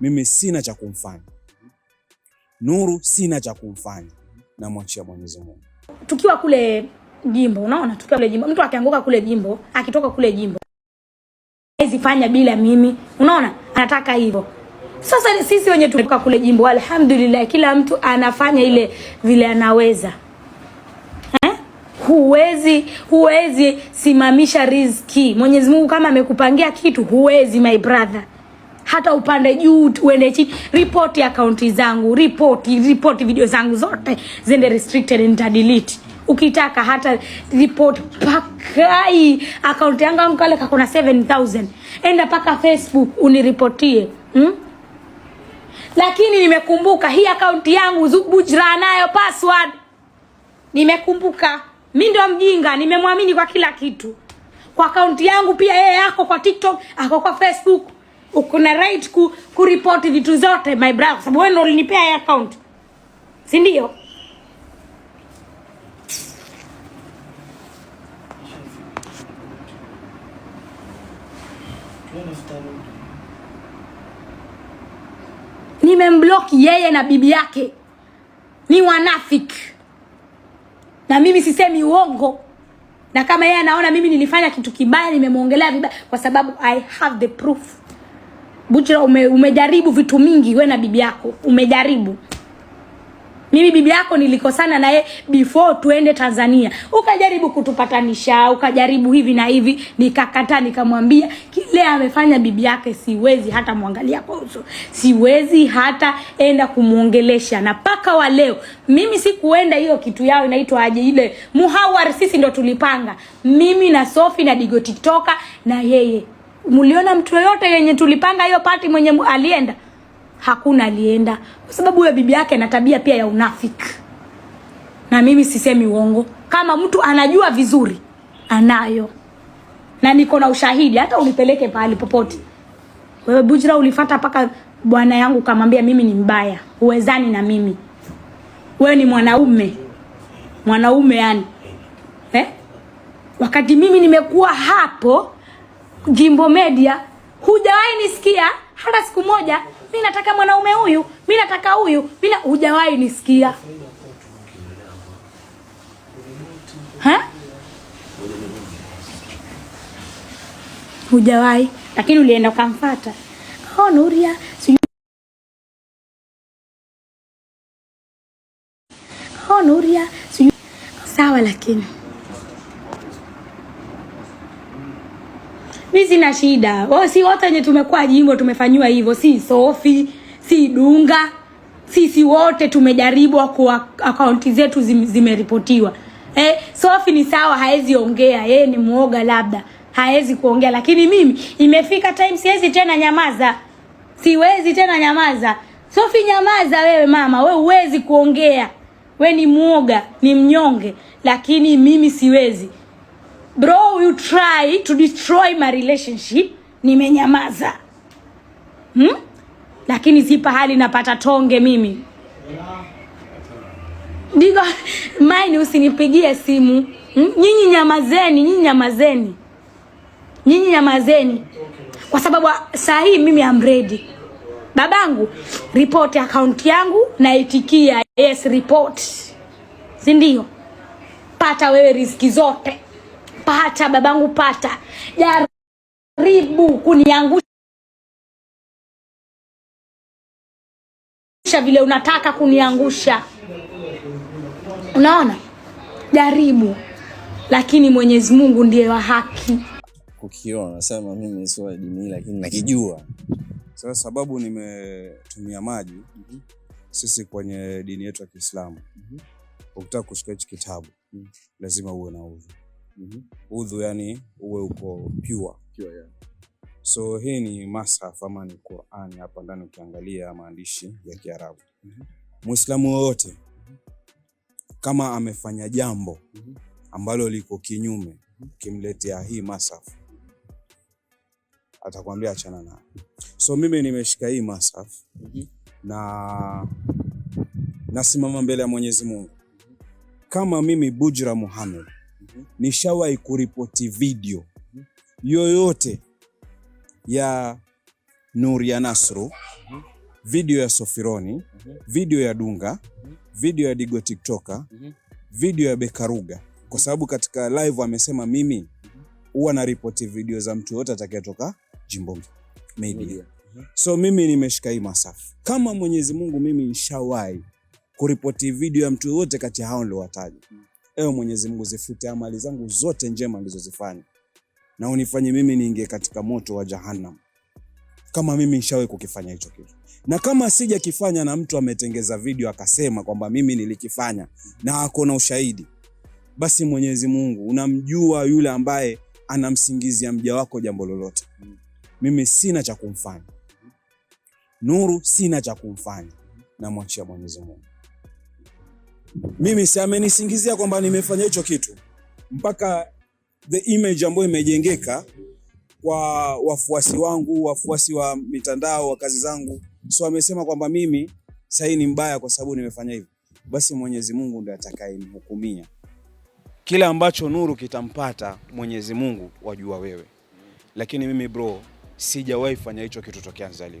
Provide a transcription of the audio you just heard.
mimi sina cha kumfanya Nuru, sina cha kumfanya, namwachia Mwenyezi Mungu. Tukiwa kule jimbo, unaona, tukiwa kule jimbo, mtu akianguka kule jimbo, akitoka kule jimbo hawezi fanya bila mimi, unaona, anataka hivyo. Sasa sisi wenye tuka kule jimbo, alhamdulillah, kila mtu anafanya ile vile anaweza eh? Huwezi, huwezi simamisha riziki Mwenyezi Mungu kama amekupangia kitu, huwezi my brother hata upande juu tuende chini, ripoti akaunti zangu, ripoti ripoti video zangu zote zende restricted, delete ukitaka hata report pakai akaunti yangu amkale kakuna 7000 enda paka Facebook uniripotie hmm? Lakini nimekumbuka hii akaunti yangu Zubujra nayo password, nimekumbuka mi ndio mjinga, nimemwamini kwa kila kitu, kwa akaunti yangu pia. Yeye yako kwa TikTok, ako kwa Facebook ukuna right ku, kuripoti vitu zote my brother, sababu wewe ndio ulinipea hii account, si ndio? Nimembloki yeye na bibi yake, ni wanafiki na mimi sisemi uongo, na kama yeye anaona mimi nilifanya kitu kibaya, nimemwongelea vibaya, kwa sababu I have the proof. Bujira, ume, umejaribu vitu mingi we na bibi yako umejaribu. Mimi bibi yako nilikosana naye before tuende Tanzania, ukajaribu kutupatanisha, ukajaribu hivi na hivi, nikakataa. Nikamwambia kile amefanya bibi yake siwezi hata mwangalia kwa uso, siwezi hata enda kumwongelesha, na mpaka wa leo mimi sikuenda hiyo kitu yao inaitwa aje, ile muhawar, sisi ndo tulipanga, mimi na Sophie na Digo TikToker na yeye Mliona mtu yoyote yenye tulipanga hiyo pati mwenye alienda? Hakuna alienda, kwa sababu huyo bibi yake na tabia pia ya unafiki. Na mimi sisemi uongo, kama mtu anajua vizuri anayo, na niko na ushahidi, hata unipeleke pahali popote. Wewe Bujra, ulifata paka bwana yangu kamwambia mimi ni mbaya, uwezani na mimi. Wewe ni mwanaume, mwanaume yani eh? Wakati mimi nimekuwa hapo Jimbo Media, hujawahi nisikia hata siku moja. Mimi nataka mwanaume huyu, mimi nataka huyu, mimi hujawahi nisikia ha? Hujawahi, lakini ulienda ukamfata oh, Nuria oh, Nuria sawa, lakini mi sina shida. Wao si wote wenye tumekuwa jimbo tumefanyiwa hivyo, si Sofi, si Dunga, sisi wote tumejaribu kwa akaunti zetu zimeripotiwa. Eh, Sofi ni sawa, haezi ongea, yeye ni muoga labda haezi kuongea, lakini mimi imefika time siwezi tena nyamaza, siwezi tena nyamaza. Sofi, nyamaza wewe mama, we huwezi kuongea, we ni muoga, ni mnyonge, lakini mimi siwezi bro you try to destroy my relationship, nimenyamaza hmm? Lakini zipa hali napata tonge mimi digo maini, usinipigie simu hmm? Nyinyi nyamazeni, nyinyi nyamazeni, nyinyi nyamazeni, kwa sababu saa hii mimi amredi ready. Babangu, ripoti akaunti yangu naitikia yes, report, sindio Pata wewe riski zote pata babangu, pata jaribu kuniangusha vile unataka kuniangusha, unaona, jaribu, lakini Mwenyezi Mungu ndiye wa haki. Ukiona nasema mimi sio dini, lakini nakijua sasa, sababu nimetumia maji mm -hmm. Sisi kwenye dini yetu ya Kiislamu mm -hmm. Ukitaka kushika hichi kitabu mm -hmm. lazima uwe na udhu mm -hmm. udhu yani uwe uko pure, pure yeah. So hii ni mashaf ama ni Qur'an hapa ndani, ukiangalia maandishi ya Kiarabu mm -hmm. Muislamu mm -hmm. kama amefanya jambo mm -hmm. ambalo liko kinyume mm -hmm. kimletea hii masaf mhm. atakwambia achana na So mimi nimeshika hii masaf mm -hmm. na nasimama mbele ya Mwenyezi Mungu mhm. kama mimi Bujra Muhammad nishawahi kuripoti video yoyote ya Nuria Nasru, video ya Sofironi, video ya Dunga, video ya Digo Tiktoka, video ya Bekaruga, kwa sababu katika live amesema mimi huwa naripoti video za mtu yoyote atakayetoka Jimbo Media. So mimi nimeshika hii masafu kama Mwenyezi Mungu, mimi nishawahi kuripoti video ya mtu yoyote kati ya hao niliowataja. Ewe Mwenyezi Mungu, zifute amali zangu zote njema nilizozifanya na unifanye mimi niingie katika moto wa Jahannam, kama mimi nishawahi kukifanya hicho kitu, na kama sijakifanya na mtu ametengeza video akasema kwamba mimi nilikifanya na ako na ushahidi, basi Mwenyezi Mungu unamjua yule ambaye anamsingizia mja wako jambo lolote. Mimi sina cha kumfanya Nuru, sina cha kumfanya, namwachia Mwenyezi Mungu mimi si amenisingizia kwamba nimefanya hicho kitu, mpaka the image ambayo imejengeka kwa wafuasi wangu, wafuasi wa mitandao wa kazi zangu, so amesema kwamba mimi sahii ni mbaya kwa sababu nimefanya hivyo. Basi Mwenyezi Mungu ndiye atakayemhukumia. Kile ambacho Nuru kitampata Mwenyezi Mungu wajua wewe, lakini mimi bro, sijawahi fanya hicho kitu tokea nzali